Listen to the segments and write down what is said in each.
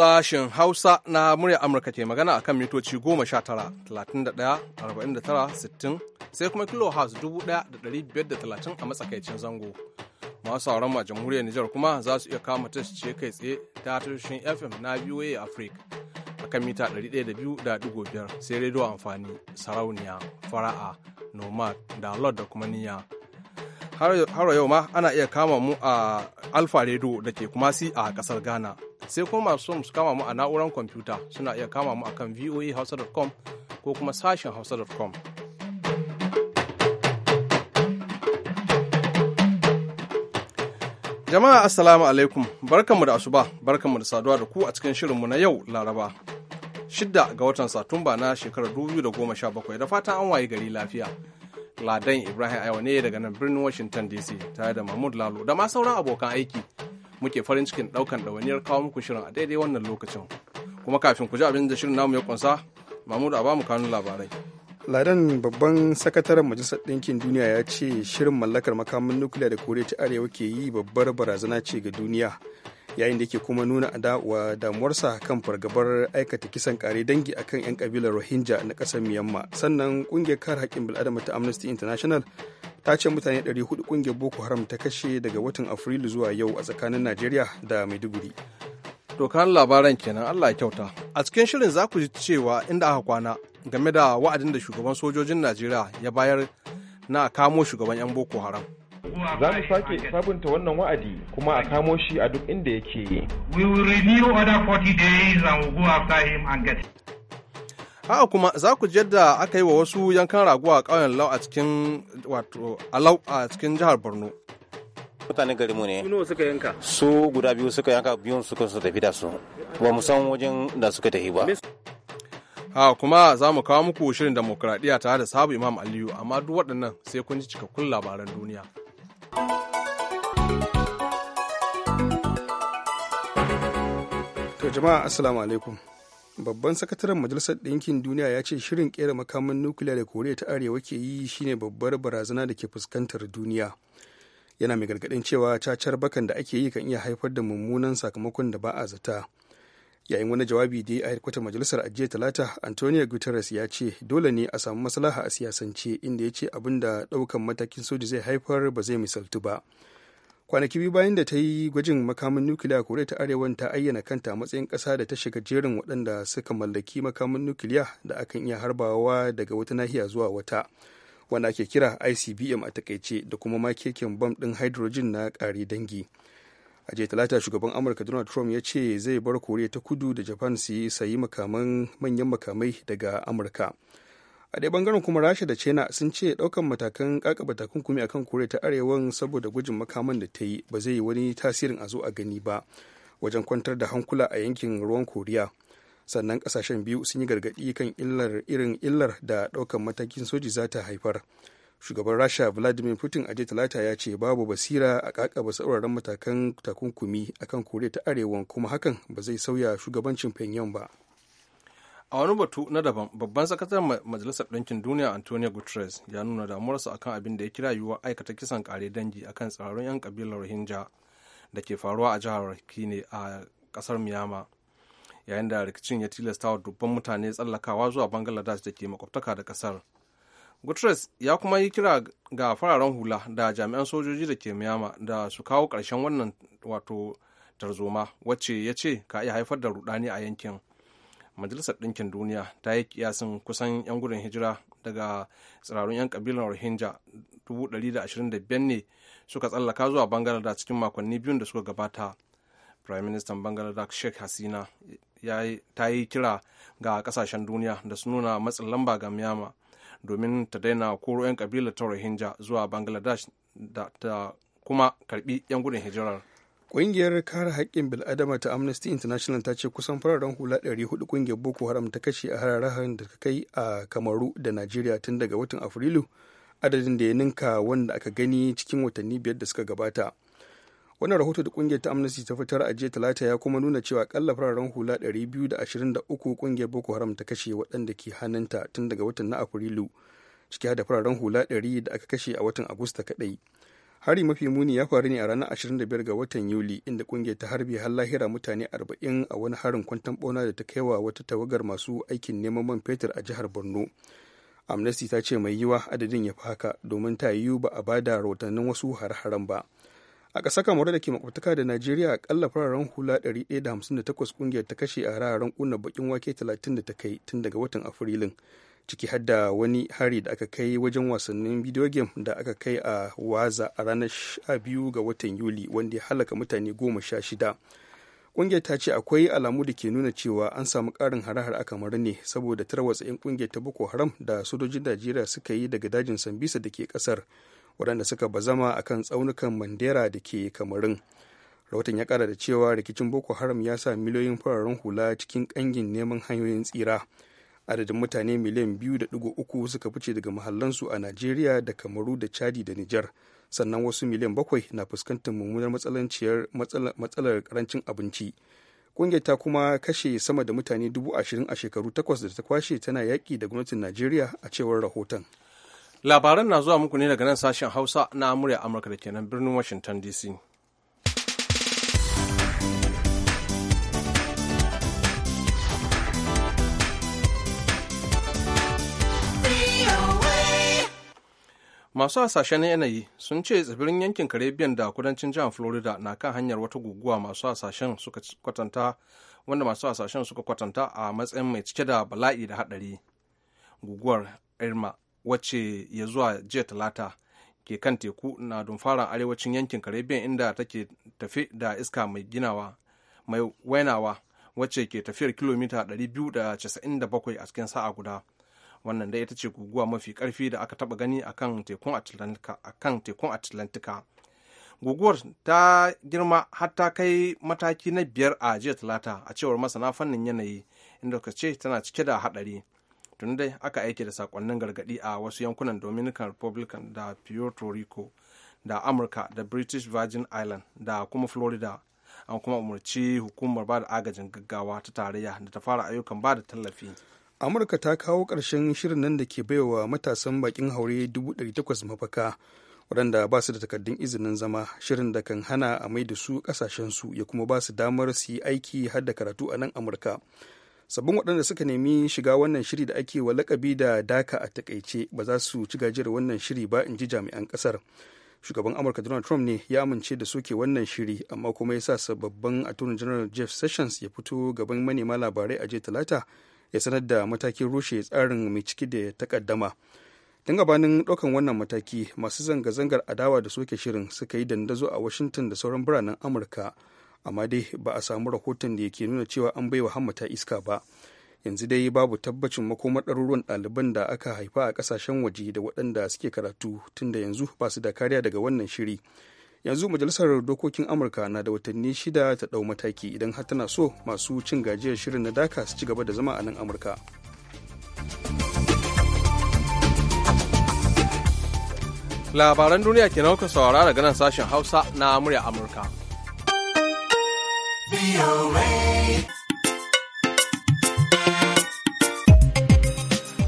sashen Hausa na murya Amurka ke magana akan mitoci 19 31 tara sai kuma kilohertz 1530 a matsakaicin zango. Masu sauran a jamhuriyar Nijar kuma za su iya kama tashoci kai tsaye ta tashoshin FM na VOA Africa kan mita ɗari da 102.5 sai rediyo amfani sarauniya fara'a nomad da lord da kuma niya har yau ma ana iya kama mu a alfa radio da ke kumasi a kasar ghana sai kuma masu son su kama mu a na'urar kwamfuta suna iya kama mu akan voahausa.com ko kuma sashen hausa.com jama'a assalamu alaikum barkanmu da asuba barkanmu da saduwa da ku a cikin shirinmu na yau laraba shidda ga watan satumba na shekarar 2017 da fatan an waye gari lafiya ladan ibrahim aiwa ne daga nan birnin washington dc tare da mahmud lalo da ma sauran abokan aiki muke farin cikin ɗaukan ɗawainiyar kawo muku shirin a daidai wannan lokacin kuma kafin ku ji abin da shirin namu ya kunsa mamudu a bamu kanun labarai ladan babban sakataren majalisar ɗinkin duniya ya ce shirin mallakar makamin nukiliya da koriya ta arewa ke yi babbar barazana ce ga duniya yayin da yake kuma nuna adawa damuwarsa kan fargabar aikata kisan kare dangi akan 'yan kabilar rohingya na kasar myanmar sannan kungiyar kare haƙƙin bil'adama ta amnesty international ta ce mutane 400 kungiyar boko haram ta kashe daga watan afrilu zuwa yau a tsakanin najeriya da maiduguri dokar labaran kenan allah ya kyauta a cikin shirin za ku ji cewa inda aka kwana game da wa'adin da shugaban sojojin najeriya ya bayar na kamo shugaban 'yan boko haram Za mu sake sabunta wannan wa'adi kuma a kamo shi a duk inda yake. Haka kuma za ku da aka yi wa wasu yankan raguwa a ƙauyen Lau a cikin wato Alau a cikin jihar Borno. Mutanen gari mu ne. Su suka yanka? Su guda biyu suka yanka biyun suka su tafi da su. Ba mu san wajen da suka tafi ba. Ha kuma za mu kawo muku shirin demokradiyya tare da sabu Imam Aliyu amma duk waɗannan sai kun ji cikakkun labaran duniya. To jama'a assalamu alaikum. Babban sakataren Majalisar Ɗinkin Duniya ya ce shirin kera makaman nukiliya da Koriya ta Arewa ke yi shine babbar barazana da ke fuskantar duniya. Yana mai gargaɗin cewa cacar bakan da ake yi kan iya haifar da mummunan sakamakon da ba a zata. yayin wani jawabi da ya kwata majalisar ajiya talata antonio guterres ya ce dole ne a samu maslaha a siyasance inda ya ce abin da daukan matakin soji zai haifar ba zai misaltu ba kwanaki biyu bayan da ta yi gwajin makamin nukiliya koriya ta arewan ta ayyana kanta a matsayin ƙasa da ta shiga jerin waɗanda suka mallaki makamin nukiliya da akan iya harbawa daga wata nahiya zuwa wata wanda ake kira icbm a takaice da kuma makekin bam ɗin hydrogen na ƙare dangi a jiya talata shugaban amurka donald trump ya ce zai bar koriya ta kudu da japan su yi sayi makaman manyan makamai daga amurka a dai bangaren kuma rasha da china sun ce daukan matakan kakaba takunkumi akan koriya ta arewan saboda gujin makaman da ta yi ba zai yi wani tasirin a zo a gani ba wajen kwantar da hankula a yankin ruwan koriya sannan kasashen biyu sun yi gargadi kan illar irin illar da daukan matakin soji za ta haifar shugaban rasha vladimir putin a talata ya ce babu basira a kakaba sauraron matakan takunkumi a kan koriya ta arewa kuma hakan ba zai sauya shugabancin pyongyang ba a wani batu na daban babban sakataren majalisar ɗinkin duniya antonio guterres ya nuna damuwarsa akan abin da ya kira yiwuwar aikata kisan kare dangi akan tsararrun 'yan kabilar rohingya da ke faruwa a jihar kine a kasar miyama yayin da rikicin ya tilasta wa dubban mutane tsallakawa zuwa bangladesh da ke makwabtaka da kasar guterres ya kuma yi kira ga fararen hula da jami'an sojoji da ke miyama da su kawo ƙarshen wannan wato tarzoma wacce ya ce ka iya haifar da rudani a yankin majalisar ɗinkin duniya ta yi kiyasin kusan 'yan gudun hijira daga tsirarun 'yan kabilan rohingya 125 ne suka tsallaka zuwa bangalada cikin makonni biyun da suka gabata prime minister bangalada sheikh hasina ta yi kira ga kasashen duniya da su nuna matsin lamba ga miyama domin ta daina koro 'yan kabilar ta rohingya zuwa bangladesh da ta kuma karbi 'yan gudun hijirar Ƙungiyar kare haƙƙin bil'adama ta Amnesty International ta ce kusan fararen hula 400 ƙungiyar Boko Haram ta kashe a hararrahan da ta kai a Kamaru da Najeriya tun daga watan Afrilu, adadin da ya ninka wanda aka gani cikin watanni biyar da suka gabata. wannan rahoto da kungiyar ta amnesty ta fitar a jiya talata ya kuma nuna cewa kalla fararen hula 223 kungiyar boko haram ta kashe waɗanda ke hannunta tun daga watan na afrilu ciki da fararen hula 100 da aka kashe a watan agusta kadai hari mafi muni ya faru ne a ranar 25 ga watan yuli inda kungiyar ta harbe har lahira mutane 40 a wani harin kwantan bona da ta kaiwa wata tawagar masu aikin neman man fetur a jihar borno amnesty ta ce mai yiwa adadin ya fi haka domin ta yiwu ba a bada rahotannin wasu har-haren ba a ƙasar kamar da ke makwabtaka da najeriya akalla fararen hula 158 kungiyar ta kashe a hararen kuna bakin wake 30 da ta kai tun daga watan afrilun ciki har da wani hari da aka kai wajen wasannin bidiyo game da aka kai a waza a ranar 12 ga watan yuli wanda ya halaka mutane goma sha shida kungiyar ta ce akwai alamu da ke nuna cewa an samu ƙarin harahar aka a kamar ne saboda tarwatsa 'yan ƙungiyar ta boko haram da sojojin najeriya suka yi daga dajin sambisa da ke kasar waɗanda suka bazama a kan tsaunukan mandera da ke kamarin rahoton ya kara da cewa rikicin boko haram ya sa miliyoyin fararen hula cikin ƙangin neman hanyoyin tsira adadin mutane miliyan biyu da ɗigo uku suka fice daga mahallansu a najeriya da kamaru da chadi da nijar sannan wasu miliyan bakwai na fuskantar mummunar matsalar karancin abinci ƙungiyar ta kuma kashe sama da mutane dubu ashirin a shekaru takwas da ta kwashe tana yaƙi da gwamnatin najeriya a cewar rahoton labaran na zuwa muku ne daga nan sashen hausa na amurya amurka da kenan birnin washington dc masu hasashen yanayi sun ce tsibirin yankin caribbean da kudancin jihar florida na kan hanyar wata guguwa masu hasashen suka kwatanta wanda masu hasashen suka kwatanta a matsayin mai cike da bala'i da haɗari, guguwar irma wacce ya zuwa jiya talata ke kan teku na dumfara arewacin yankin caribbean inda take tafi da iska mai ginawa mai wainawa wacce ke tafiyar kilomita 297 a cikin sa'a guda wannan da ita ce guguwa mafi karfi da aka taba gani a kan tekun atlantika guguwar ta girma har kai mataki na biyar a jiya talata a cewar masana fannin yanayi inda ka ce tana cike da haɗari tun dai aka aiki da sakonnin gargadi a wasu yankunan dominican republican da puerto rico da amurka da british virgin island da kuma florida an kuma umarci hukumar ba da agajin gaggawa ta tarayya da ta fara ayyukan ba da tallafi amurka ta kawo ƙarshen shirin nan da ke baiwa matasan bakin haure 800 mafaka waɗanda ba su da takardun izinin zama shirin da kan hana a mai da su ƙasashensu ya kuma ba su damar su yi aiki har da karatu a nan amurka sabbin waɗanda suka nemi shiga wannan shiri da ake wa lakabi da daka a takaice ba za su ci gajiyar wannan shiri ba in ji jami'an ƙasar shugaban amurka donald trump ne ya amince da suke wannan shiri amma kuma ya sa sababbin attorney general jeff sessions ya fito gaban manema labarai a jiya talata ya sanar da matakin rushe tsarin mai ciki da takaddama tun gabanin ɗaukan wannan mataki masu zanga-zangar adawa da soke shirin suka yi dandazo a washington da sauran biranen amurka amma dai ba a samu rahoton da yake nuna cewa an baiwa hammata iska ba yanzu dai babu tabbacin makomar ɗaruruwan ɗaliban da aka haifa a ƙasashen waje da waɗanda suke karatu tunda yanzu ba su da kariya daga wannan shiri yanzu majalisar dokokin amurka na da watanni shida ta ɗau mataki idan har tana so masu cin gajiyar shirin na daka su ci gaba da zama a nan amurka labaran duniya kenan kuka saurara daga nan sashen hausa na murya amurka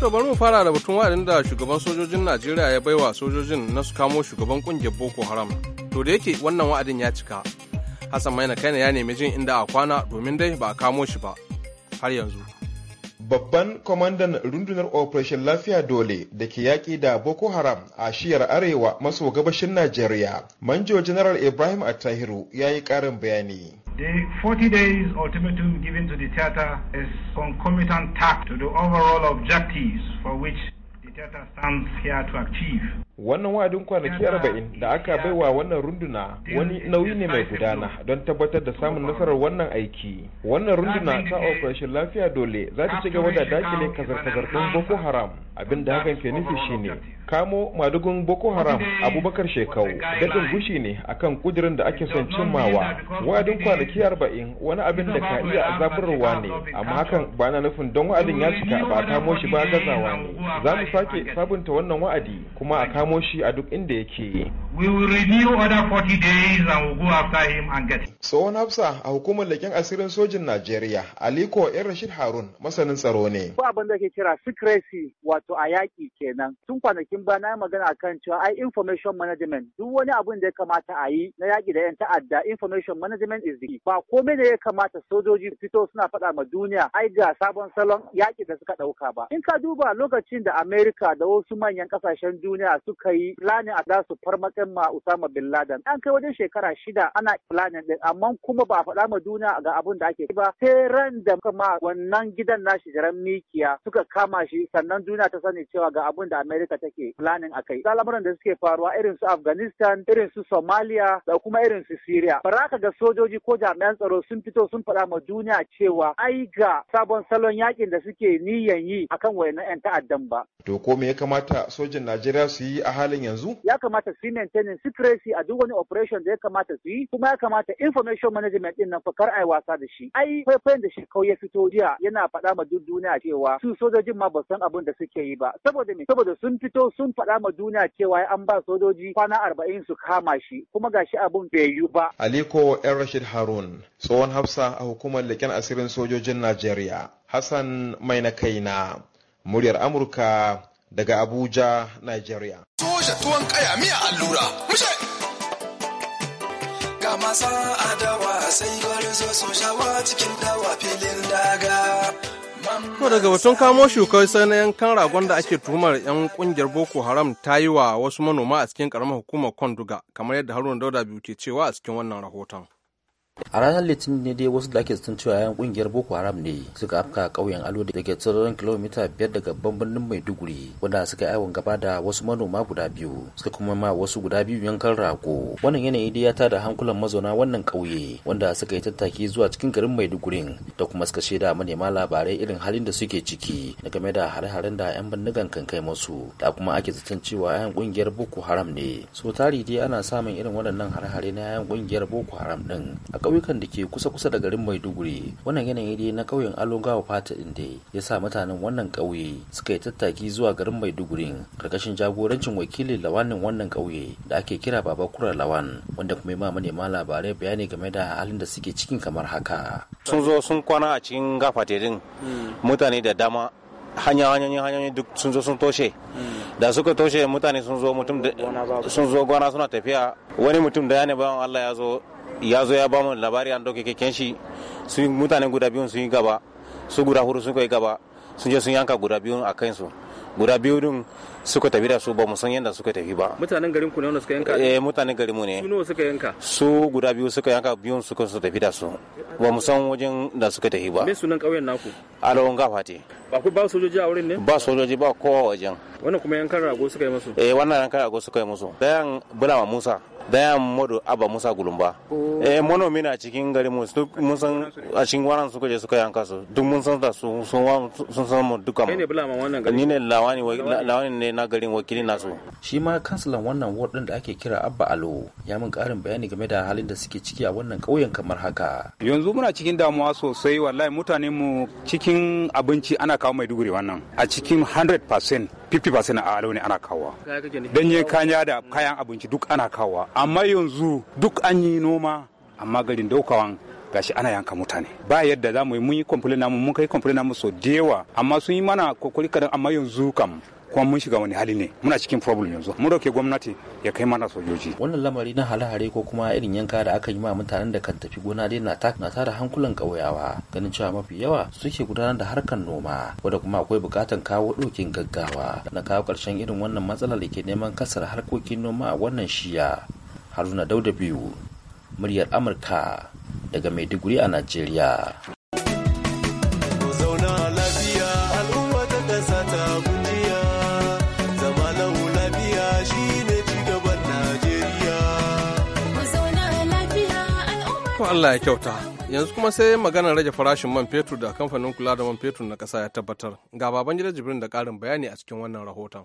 To bari mu fara da batun wa'adin da shugaban sojojin Najeriya ya baiwa sojojin na su kamo shugaban kungiyar Boko Haram. To da yake wannan wa'adin ya cika. Hassan Maina Kaina ya nemi jin inda a kwana domin dai ba a kamo shi ba har yanzu. Babban kwamandan rundunar Operation Lafiya Dole da ke yaƙi da Boko Haram a shiyar Arewa maso gabashin Najeriya, Manjo General Ibrahim Attahiru ya yi ƙarin bayani. The 40 days ultimatum given to the theater is concomitant task to the overall objectives for which the theater stands here to achieve. wannan wa'adin kwanaki arba'in da aka baiwa wannan runduna wani nauyi ne mai gudana don tabbatar da samun nasarar wannan aiki wannan runduna ta operation lafiya dole za ta ci gaba da dakile kazar-kazar boko haram abin da hakan ke nufi shine kamo madugun boko haram abubakar shekau daɗin gushi ne akan kudirin da ake son cimmawa wa'adin kwanaki arba'in wani abin da ka iya zaburarwa ne amma hakan ba na nufin don wa'adin ya cika ba a kamo shi ba gazawa ne za mu sake sabunta wannan wa'adi kuma a kamo shi a duk inda yake We will renew other 40 days and we'll go after him and get him. Tsohon Hafsa a hukumar leken asirin sojin Najeriya, Aliko ‘yan Rashid Harun masanin tsaro ne. Ko abin da ke kira secrecy wato a yaƙi kenan. Tun kwanakin ba na magana kan cewa ai information management duk wani abin da ya kamata a yi na yaƙi da ‘yan ta'adda information management is the Ba komai da ya kamata sojoji fito suna faɗa ma duniya ai ga sabon salon yaƙi da suka ɗauka ba. In ka duba lokacin da Amerika da wasu manyan ƙasashen duniya suka yi planning a za su farmaka ɗin ma Usama bin Laden an kai wajen shekara shida ana planning din. amma kuma ba a faɗa ma duniya ga abin da ake ba sai ran da kuma wannan gidan nashi jaran mikiya suka kama shi sannan duniya ta sani cewa ga abin da America take planning akai al'amuran da suke faruwa irin su Afghanistan irin su Somalia da kuma irin su Syria ba ka ga sojoji ko jami'an tsaro sun fito sun faɗa ma duniya cewa ai ga sabon salon yakin da suke niyan yi akan wayannan 'yan ta'addan ba to ko me ya kamata sojin Najeriya su yi a halin yanzu ya kamata su maintaining secrecy a duk wani operation da ya kamata su yi kuma ya kamata information management din nan fa kar ai wasa da shi ai faifayin da shi kawai ya fito jiya yana faɗa ma duk duniya cewa su sojojin ma ba san abin da suke yi ba saboda me saboda sun fito sun faɗa ma duniya cewa an ba sojoji kwana arba'in su kama shi kuma gashi abin bai yi ba aliko yan rashid harun tsohon hafsa a hukumar leƙen asirin sojojin najeriya hassan mai na kaina muryar amurka daga Abuja, Nigeria. Soja tuwon kaya miya allura, mushe! Ga masa adawa sai gwarzo sojawa cikin dawa filin daga. To daga batun kamo shukar sai na yankan ragon da ake tuhumar 'yan kungiyar Boko Haram ta yi wa wasu manoma a cikin karamar hukumar Konduga, kamar yadda Haruna Dauda biyu ke cewa a cikin wannan rahoton. a ranar litinin ne dai wasu da ake zaton cewa yayan kungiyar boko haram ne suka afka ƙauyen alo da ke tsirran kilomita biyar daga babban birnin maiduguri wanda suka yi gaba da wasu manoma guda biyu suka kuma ma wasu guda biyu yankan rago wannan yanayi dai ya tada hankulan mazauna wannan ƙauye wanda suka yi tattaki zuwa cikin garin maidugurin da kuma suka shaida manema labarai irin halin da suke ciki da game da hare-haren da yan bindigan kan kai musu da kuma ake zaton cewa yayan kungiyar boko haram ne so tari dai ana samun irin waɗannan hare-hare na yayan kungiyar boko haram din ƙauyukan da ke kusa-kusa da garin Maiduguri. Wannan yanayi dai na ƙauyen Alongawa Fata inda ya sa mutanen wannan ƙauye suka yi tattaki zuwa garin Maiduguri karkashin jagorancin wakilin lawanin wannan ƙauye da ake kira Baba Kura Lawan wanda kuma ma manema labarai bayani game da halin da suke cikin kamar haka. Sun zo sun kwana a cikin gafate din hmm. mutane da dama hanya hanyoyi hanyoyi duk sun zo sun toshe. Hmm. da suka toshe mutane sun zo mutum sun zo gona suna tafiya wani mutum da ya ne bayan Allah ya zo ya zo ya ba mu labari an doke keken shi su mutane guda biyun sun yi gaba su guda huru sun kai gaba sun je sun yanka guda biyun a kansu guda biyu din suka tafi da su ba mu san yadda suka tafi ba mutanen garin ku ne wanda suka yanka eh mutanen garin mu ne su nawa suka yanka su guda biyu suka yanka biyun suka su tafi da su ba mu san wajen da suka tafi ba me sunan kauyen naku alawon gafate ba ku ba sojoji a wurin ne ba sojoji ba kowa wajen wannan kuma yankan rago suka yi musu eh wannan yankan rago suka yi musu dayan bulama musa dayan modu abba musa gulumba eh mono mina cikin garin mu mun san a cikin waran suka je suka yanka su duk mun san da su sun san mu duka mu ne bulama wannan gari ni ne lawani lawani ne na garin wakilin nasu shi ma kansilan wannan ward din da ake kira abba alo ya min karin bayani game da halin da suke ciki a wannan ƙauyen kamar haka yanzu muna cikin damuwa sosai wallahi mutane mu cikin abinci ana kawo mai duguri wannan a cikin 100% 50% a alo ne ana kawo danye kanya da kayan abinci duk ana kawo amma yanzu duk an yi noma amma garin daukawan gashi ana yanka mutane ba yadda za mu yi mun yi complain namu mun kai complain namu so dewa amma sun yi mana kokari kadan amma yanzu kam kuma mun shiga wani hali ne muna cikin problem yanzu mun roke gwamnati ya kai mana sojoji wannan lamari na hare-hare ko kuma irin yanka da aka yi ma mutanen da kan tafi gona dai na na tara hankulan kauyawa ganin cewa mafi yawa suke gudanar da harkar noma wanda kuma akwai bukatan kawo ɗokin gaggawa na kawo karshen irin wannan matsalar da ke neman kasar harkokin noma a wannan shiya haruna dauda biyu muryar amurka daga maiduguri a najeriya Allah ya kyauta. Yanzu kuma sai maganar rage farashin man fetur da kamfanin kula da man fetur na ƙasa ya tabbatar. Ga baban gidan Jibrin da ƙarin bayani a cikin wannan rahoton.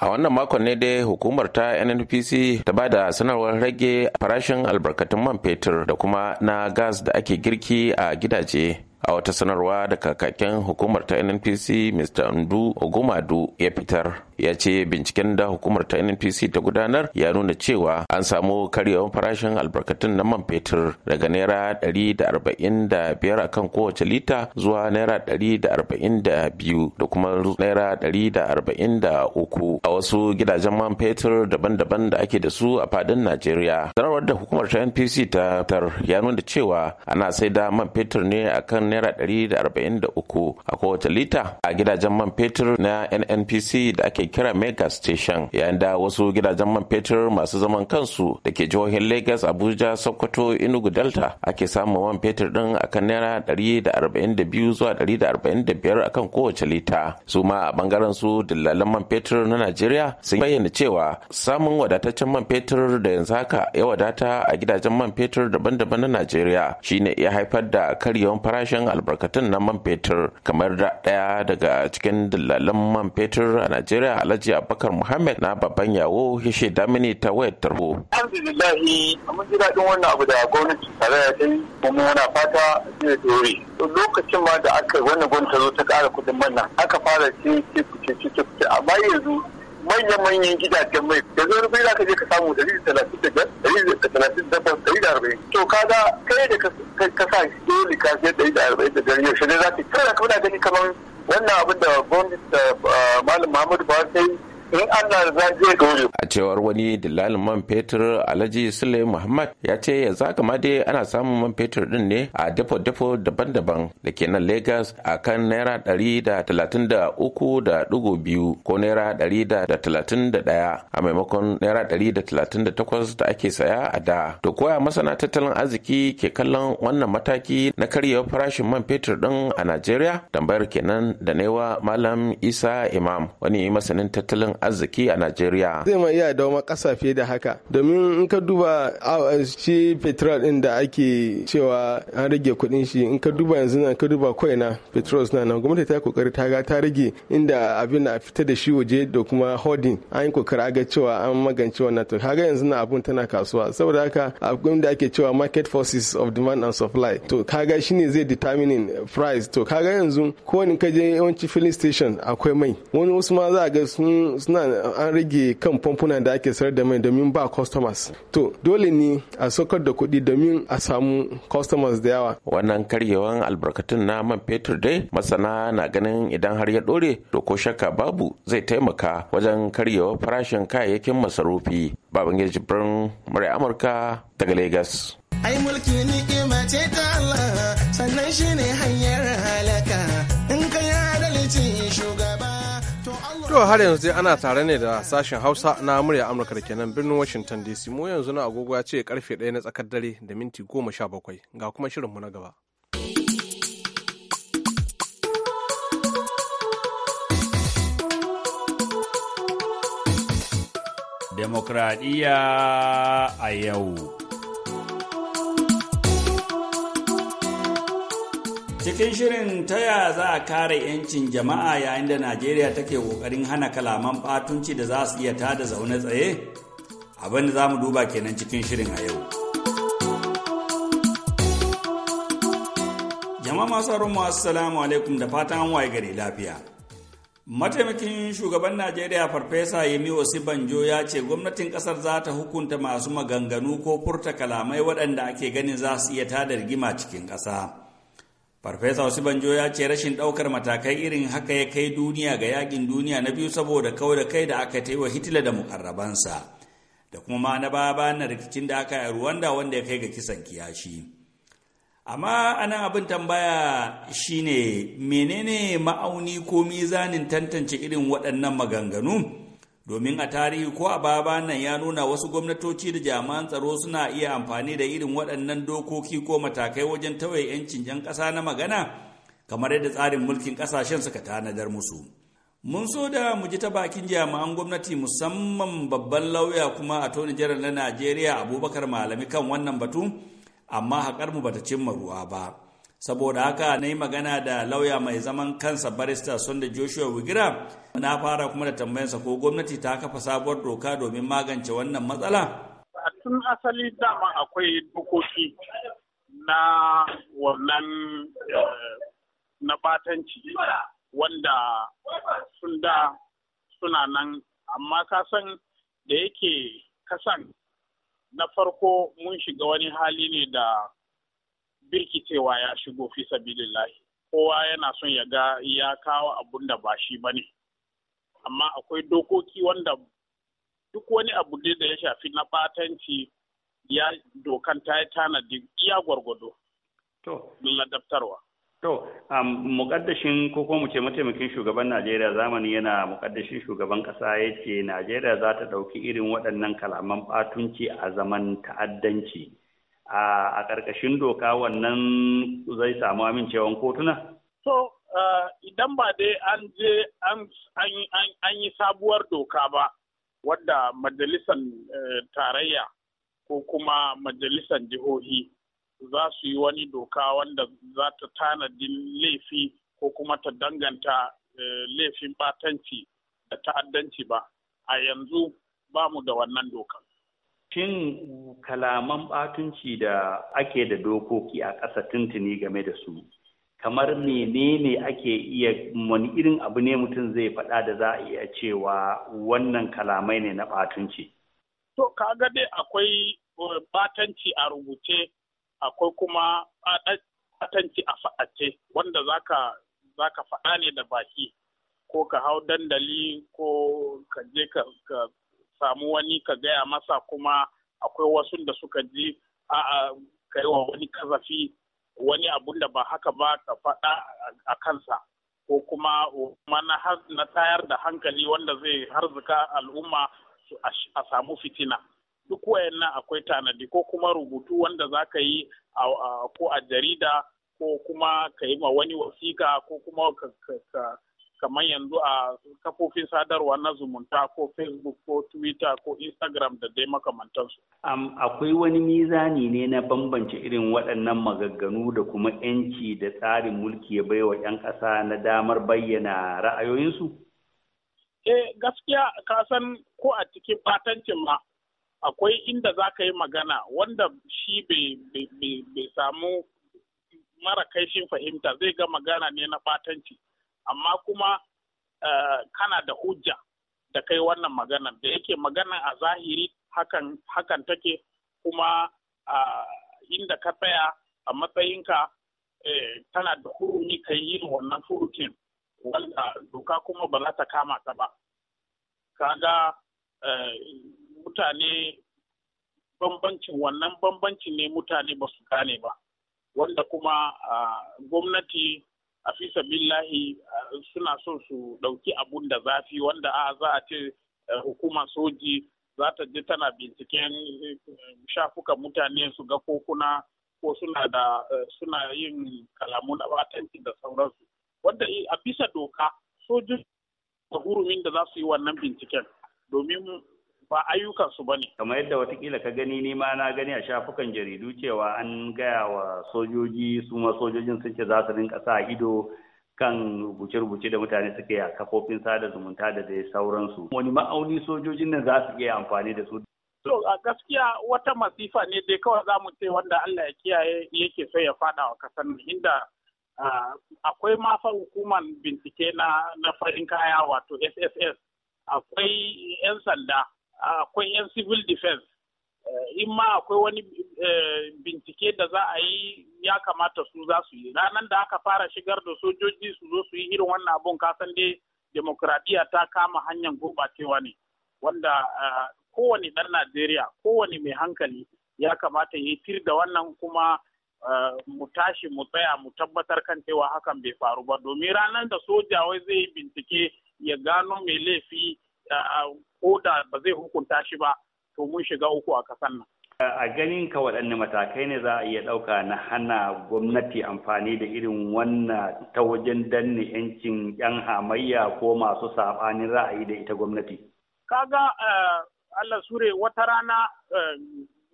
a wannan makon ne dai hukumar ta nnpc ta ba da sanarwar rage farashin albarkatun man fetur da kuma na gas da ake girki a gidaje a wata sanarwa da kakakin hukumar ta nnpc mr ndu ogumadu ya fitar ya ce binciken da hukumar ta NNPC ta gudanar ya nuna cewa an samu karyewar farashin albarkatun na man fetur daga naira 145 kan kowace lita zuwa naira 142 da kuma naira 143 a wasu gidajen man fetur daban-daban da ake da su a fadin Najeriya. Sanarwar da hukumar ta NPC ta tar ya nuna cewa ana sai da man fetur ne a kan naira 143 a kowace lita a gidajen man fetur na NNPC da ake ake kira mega station yayin da wasu gidajen man fetur masu zaman kansu da ke jihohin lagos abuja sokoto enugu delta ake samun man fetur din akan naira 142 zuwa 145 akan kowace lita su ma a bangaren su dillalan man fetur na najeriya sun bayyana cewa samun wadataccen man fetur da yanzu haka ya wadata a gidajen man fetur daban-daban na najeriya shine ya haifar da karyewan farashin albarkatun na man fetur kamar da daya daga cikin dillalan man fetur a najeriya Alhaji Abubakar Muhammad na babban yawo ya shaida mini ta wayar tarho. Alhamdulillah mun ji daɗin wannan abu da gwamnati tare da kai kuma muna fata zai dore. Lokacin ma da aka wannan gwamnati ta zo ta ƙara kuɗin man aka fara ce ce ce ce ce amma yanzu manyan manyan gidajen mai da zo rufi za ka je ka samu ɗari da talatin da biyar ɗari da talatin da biyar ɗari da arba'in to kaga kai da ka sa dole ka je ɗari da arba'in da biyar yaushe ne za ka yi kai da kuma gani kamar wannan abin da gwamnati da ah, malam mahmud buhari ta yi in Allah zai dole. A cewar wani dillalin man fetur Alhaji Sule Muhammad ya ce yanzu haka ma dai ana samun man fetur din ne a dafo-dafo daban-daban da ke nan Lagos a kan naira ɗari da talatin da uku da ɗigo biyu ko naira ɗari da talatin da ɗaya a maimakon naira ɗari da talatin da takwas da ake saya a da. To koya masana tattalin arziki ke kallon wannan mataki na karyewa farashin man fetur din a Najeriya? Tambayar kenan da newa Malam Isa Imam wani masanin tattalin arziki a Najeriya. Zai ma iya dawo ƙasa fiye da haka. Domin in ka duba shi petrol din da ake cewa an rage kuɗin shi in ka duba yanzu na ka duba kawai na petrol na gwamnati ta kokari ta ga ta rage inda abin na fita da shi waje da kuma holding an yi kokari ga cewa an magance wannan to kaga yanzu na abun tana kasuwa saboda haka abin da ake cewa market forces of demand and supply to kaga shine zai determining price to kaga yanzu ko wani ka je yawanci filling station akwai mai wani wasu ma za a ga sun suna an rage kan famfunan da ake sayar da mai domin ba customers to dole ne a saukar da kuɗi domin a samu customers da yawa wannan karyewan albarkatun na man fetur dai masana na ganin idan har ya dore to ko shakka babu zai taimaka wajen karyewa farashin kayayyakin masarufi babangida jibrin murai amurka daga lagos ai mulki ni ce ta Allah sannan shine hanya To har yanzu dai ana tare ne da sashen Hausa na murya Amurka da kenan birnin Washington DC mu yanzu na agogo ya ce karfe ɗaya na tsakar dare da minti goma sha bakwai ga kuma shirinmu na gaba. Demokradiyya a yau. Cikin shirin taya za a kare 'yancin jama'a yayin da Najeriya take ƙoƙarin hana kalaman batunci da za su iya tada zaune tsaye? Abin da za mu duba kenan cikin shirin a yau. Jama'a masu haramu assalamu alaikum da fatan an waye gari lafiya. Mataimakin shugaban Najeriya Farfesa Yemi Osibanjo ya ce gwamnatin kasar za ta hukunta masu maganganu ko furta kalamai waɗanda ake ganin za su iya tada rigima cikin ƙasa. Farfesa banjo ya ce rashin ɗaukar matakai irin haka ya kai duniya ga yakin duniya na biyu saboda kawai da kai da aka ta yi wa Hitler da mukarrabansa da kuma ma na baya bayan rikicin da aka yi ruwanda wanda ya kai ga kisan kiyashi. Amma anan abin tambaya shine menene ma'auni ko mizanin tantance irin waɗannan maganganu? domin a tarihi ko a baba nan ya nuna wasu gwamnatoci da jami'an tsaro suna iya amfani da irin waɗannan dokoki ko matakai wajen tawaye 'yancin jan ƙasa na magana kamar yadda tsarin mulkin ƙasashen suka tanadar musu mun so da mu ji ta bakin jami'an gwamnati musamman babban lauya kuma a toni jiran na najeriya abubakar malami kan wannan batu amma haƙar mu bata cimma ruwa ba saboda haka na yi magana da lauya mai zaman kansa barista sunda joshua wigira na fara kuma da tambayansa ko gwamnati ta kafa sabuwar doka domin magance wannan matsala tun asali dama akwai dokoki na wannan eh, na batanci wanda sun suna nan amma kasan da yake kasan na farko mun shiga wani hali ne da birkicewa ya shigo fi sabilillahi kowa yana son ya ga ya kawo abun da ba shi ba ne amma akwai dokoki wanda duk wani abu ne da ya shafi na batanci ya dokan ta yi tanadi iya gwargwado ladabtarwa To, um, mukaddashin ko ko mu ce mataimakin shugaban Najeriya zamani yana mukaddashin shugaban kasa ya ce Najeriya za ta ɗauki irin waɗannan kalaman ɓatunci a zaman ta'addanci. a ƙarƙashin doka wannan zai samu amincewan kotuna? So, idan ba dai an je an yi sabuwar doka ba, wadda majalisan e, tarayya ko kuma majalisan jihohi za su yi wani doka wanda za ta tanadi laifi ko kuma ta danganta e, laifin batanci da ta'addanci ba. A yanzu ba mu da wannan dokan. Shin kalaman batunci da ake da dokoki a ƙasa tuntuni game da su, kamar menene ake iya wani irin abu ne mutum zai faɗa da za a iya cewa wannan kalamai ne na batunci? To, kaga dai akwai eh, batanci a rubuce, akwai kuma batanci a fa'ace, wanda za ka faɗa ne da baki, ko ka hau dandali ko ka je ka samu wani ka gaya masa kuma akwai wasu da suka ji a kai wa wani kazafi wani abun da ba haka ba ka faɗa a kansa ko kuma mana na tayar da hankali wanda zai harzuka al'umma a samu fitina duk wayannan akwai tanadi ko kuma rubutu wanda za ka yi ko a jarida ko kuma ka yi ma wani wasiƙa ko kuma kamar yanzu a kafofin sadarwa na zumunta ko facebook ko twitter ko instagram da dai makamantansu. Um, akwai wani mizani ne na bambance irin waɗannan magagganu da kuma 'yanci da tsarin mulki ya baiwa 'yan ƙasa na damar bayyana ra'ayoyinsu? Eh gaskiya ka san ko a cikin fatancin ma akwai inda za ka yi magana wanda shi bai samu mara kaifin fahimta zai ga magana ne na batanci amma kuma eh, kana da hujja da kai wannan maganan da yake maganan a zahiri hakan, hakan take kuma eh, inda ka tsaya a matsayinka eh, tana da hurumi ka yi wannan furucin wanda doka kuma ba za ta kama ta ba kaga mutane bambancin wannan bambanci ne mutane ba su gane ba wanda kuma gwamnati a fi sabillahi suna so su ɗauki abun da zafi wanda a za a ce eh, hukuma soji za ta je tana binciken eh, shafukan mutane su ga ko ko suna da eh, suna yin kalamu na batanci da sauransu wanda a bisa doka sojin da hurumin da za su yi wannan binciken domin ba ayyukansu ba ne. Kamar yadda watakila ka gani ni ma na gani a shafukan jaridu cewa an gaya wa sojoji su ma sojojin sun ce za su rinka sa ido kan rubuce-rubuce da mutane suke a kafofin sada zumunta da dai sauransu. Wani ma'auni sojojin nan za su iya amfani da su To a gaskiya wata masifa ne dai kawai za mu ce wanda Allah ya kiyaye yake so ya fada wa kasan inda akwai mafa hukumar bincike na farin kaya wato SSS akwai 'yan sanda akwai yan civil defense eh, in ma akwai wani eh, bincike da za a yi ya kamata su za su yi ranar da aka fara shigar da sojoji su zo su yi irin wannan abun kasan dai demokradiyya ta kama hanyar gurbacewa ne wanda eh, kowane ɗan najeriya kowane mai hankali ya kamata ya tir da wannan kuma mu tashi mu tsaya mu tabbatar kan cewa hakan bai faru ba domin ranar da soja wai zai bincike ya gano mai laifi koda ba zai hukunta shi ba to mun shiga uku a kasan nan. A ganin ka waɗanne matakai ne za a iya ɗauka na hana gwamnati amfani da irin wannan ta wajen danne 'yancin 'yan hamayya ko masu saɓanin ra'ayi da ita gwamnati? Kaga Allah sure wata rana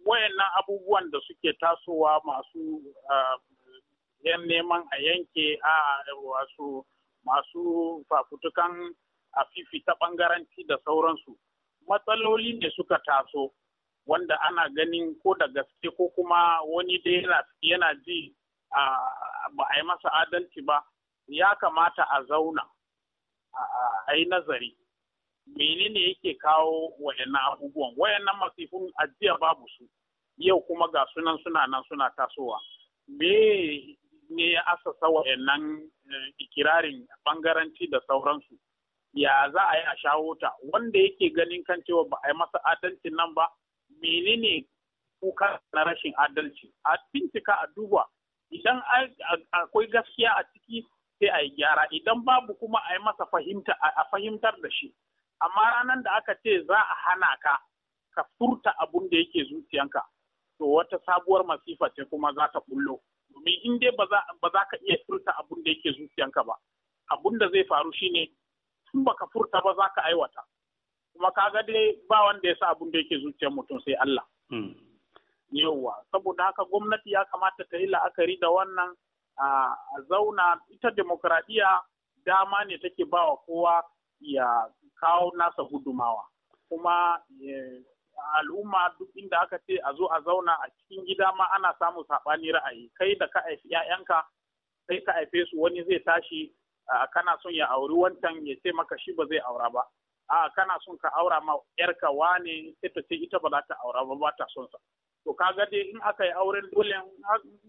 wayannan abubuwan da suke tasowa masu yan neman a yanke a wasu masu fafutukan a fifita bangaranci da sauransu matsaloli ne suka taso wanda ana ganin ko da gaske ko kuma wani da yana ji ba a yi masa adalci ba ya kamata a zauna a yi nazari menene yake kawo wayannan abubuwan wayannan masifin ajiya babu su yau kuma ga sunan suna nan suna tasowa me ne ya asasa wayannan eh, ikirarin bangaranci da sauransu ya za a yi a shawo ta wanda yake ganin kan cewa ba a yi masa adalcin nan ba menene kuka na rashin adalci a bincika a duba idan akwai gaskiya a ciki sai a yi gyara idan babu kuma a yi masa fahimta a fahimtar da shi amma ranar da aka ce za a hana ka ka furta abun da yake zuciyanka to wata sabuwar masifa ce kuma za ta bullo domin in dai ba za ka iya furta abun da yake zuciyanka ba abun da zai faru shine in baka furta ba za ka aiwata kuma kaga dai ba wanda ya sa abin da yake zuciyar mutum sai Allah hmm. yauwa saboda haka gwamnati ya kamata ta yi la'akari da wannan a zauna ita demokradiyya dama ne take ba wa kowa ya kawo nasa gudumawa kuma e, al'umma duk inda aka ce a zo a zauna a cikin gida ma ana samun saɓani ra'ayi kai da ka haifi 'ya'yanka sai ka haife su wani zai tashi kana son ya auri wantan ya ce maka shi ba zai aura ba a kana son ka aura ma yarka wane sai ta ce ita ba za ta aura ba ba ta son sa to kaga dai in aka yi auren dole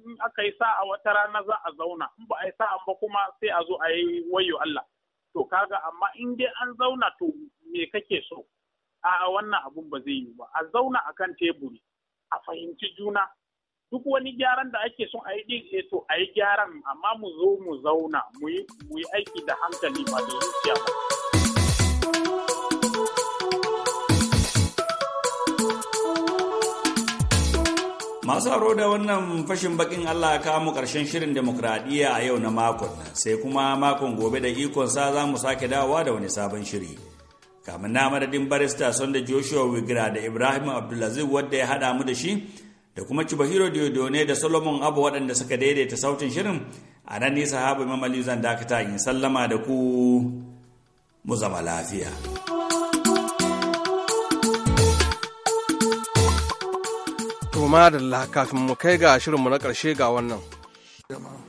in aka yi a wata rana za a zauna in ba a yi an ba kuma sai a zo a yi wayo Allah to kaga amma in dai an zauna to me kake so a wannan abun ba zai yi ba a zauna akan teburi a fahimci juna duk wani gyaran da ake son a yi din eh to a yi gyaran amma mu zo mu zauna mu yi aiki da hankali ba da zuciya ba. Masu haro da wannan fashin bakin Allah ka mu karshen shirin demokradiyya a yau na makon nan sai kuma makon gobe da ikon sa za mu sake dawowa da wani sabon shiri. Kamin na madadin barista son da Joshua Wigra da Ibrahim Abdulaziz wadda ya haɗa mu da shi da kuma Chibahiro Diodone da Solomon Abu waɗanda suka daidaita sautin shirin a nan nisa habu mamali zan dakata in sallama da ku mu zama lafiya. To kafin mu kai ga shirinmu na ƙarshe ga wannan.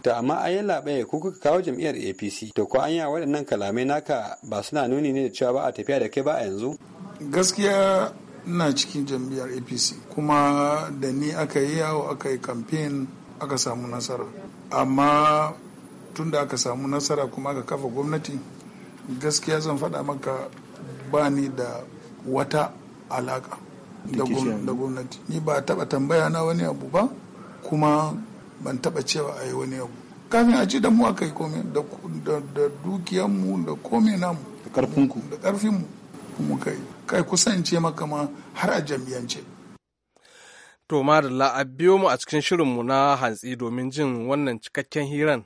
Da amma an yi laɓe ko kuka kawo jam'iyyar APC to ko an yi waɗannan kalamai naka ba suna nuni ne da cewa ba a tafiya da kai ba a yanzu? Gaskiya ina cikin jam'iyyar apc kuma da ni aka yi yawo aka yi kamfen aka samu nasara amma tun da aka samu nasara kuma aka kafa gwamnati gaskiya zan faɗa maka ba ni da wata alaka da gwamnati ni ba taɓa tambaya na wani abu ba kuma ban taɓa cewa a yi wani abu kafin a ci da mu aka yi komai da dukiyanmu da komai namu da ƙarfinmu kuma kai kai kusance maka ma har a jam'iyyance. To madalla a biyo mu a cikin shirinmu na hantsi domin jin wannan cikakken hiran.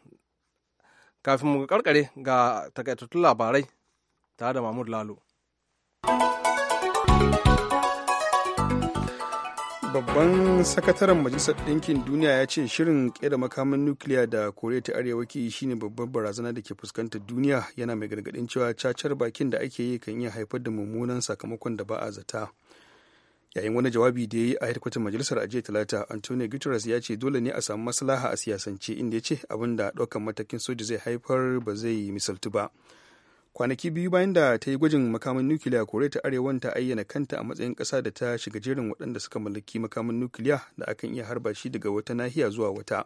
Kafin mu karkare ga takaitattun labarai tare da Mahmud Lalo. babban sakataren majalisar ɗinkin duniya ya ce shirin ƙera makamin nukiliya da koriya ta arewa ke yi shine babbar barazana da ke fuskantar duniya yana mai gargaɗin cewa cacar bakin da ake yi kan iya haifar da mummunan sakamakon da ba a zata yayin wani jawabi da ya yi a hedkwatar majalisar ajiya talata antonio guterres ya ce dole ne a samu maslaha a siyasance inda ya ce abin da ɗaukan matakin soja zai haifar ba zai misaltu ba kwanaki biyu bayan da ta yi gwajin makamin nukiliya kore ta arewa ta ayyana kanta a matsayin ƙasa da ta shiga jerin waɗanda suka mallaki makamin nukiliya da akan iya harba shi daga wata nahiya zuwa wata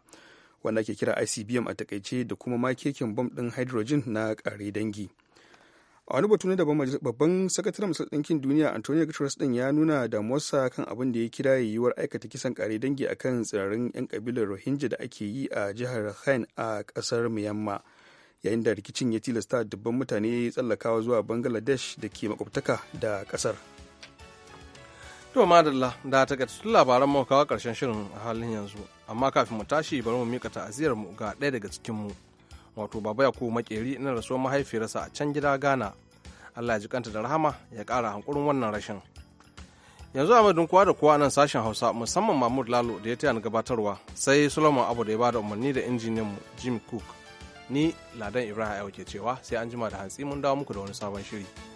wanda ake kira icbm a takaice da kuma makekin bom ɗin hydrogen na ƙare dangi a wani batu da daban babban sakataren masar ɗinkin duniya antonio guterres ɗin ya nuna da damuwarsa kan abin da ya kira yiwuwar aikata kisan ƙare dangi akan tsirarin 'yan kabilar rohingya da ake yi a jihar khan a ƙasar myanmar yayin da rikicin ya tilasta dubban mutane tsallakawa zuwa bangladesh da ke makwabtaka da kasar to madalla da ta tun labaran mu kawo karshen shirin a halin yanzu amma kafin mu tashi bari mu mika ta'aziyar mu ga ɗaya daga cikin mu wato baba yakubu makeri na rasuwar mahaifiyarsa a can gida gana allah ya ji kanta da rahama ya ƙara hankurin wannan rashin yanzu a kowa da kowa nan sashen hausa musamman mahmud lalo da ya taya gabatarwa sai solomon abu da ya bada umarni da injiniyan mu jim cook ni ladan ibrahim wuce cewa sai an jima da hantsi mun dawo muku da wani sabon shiri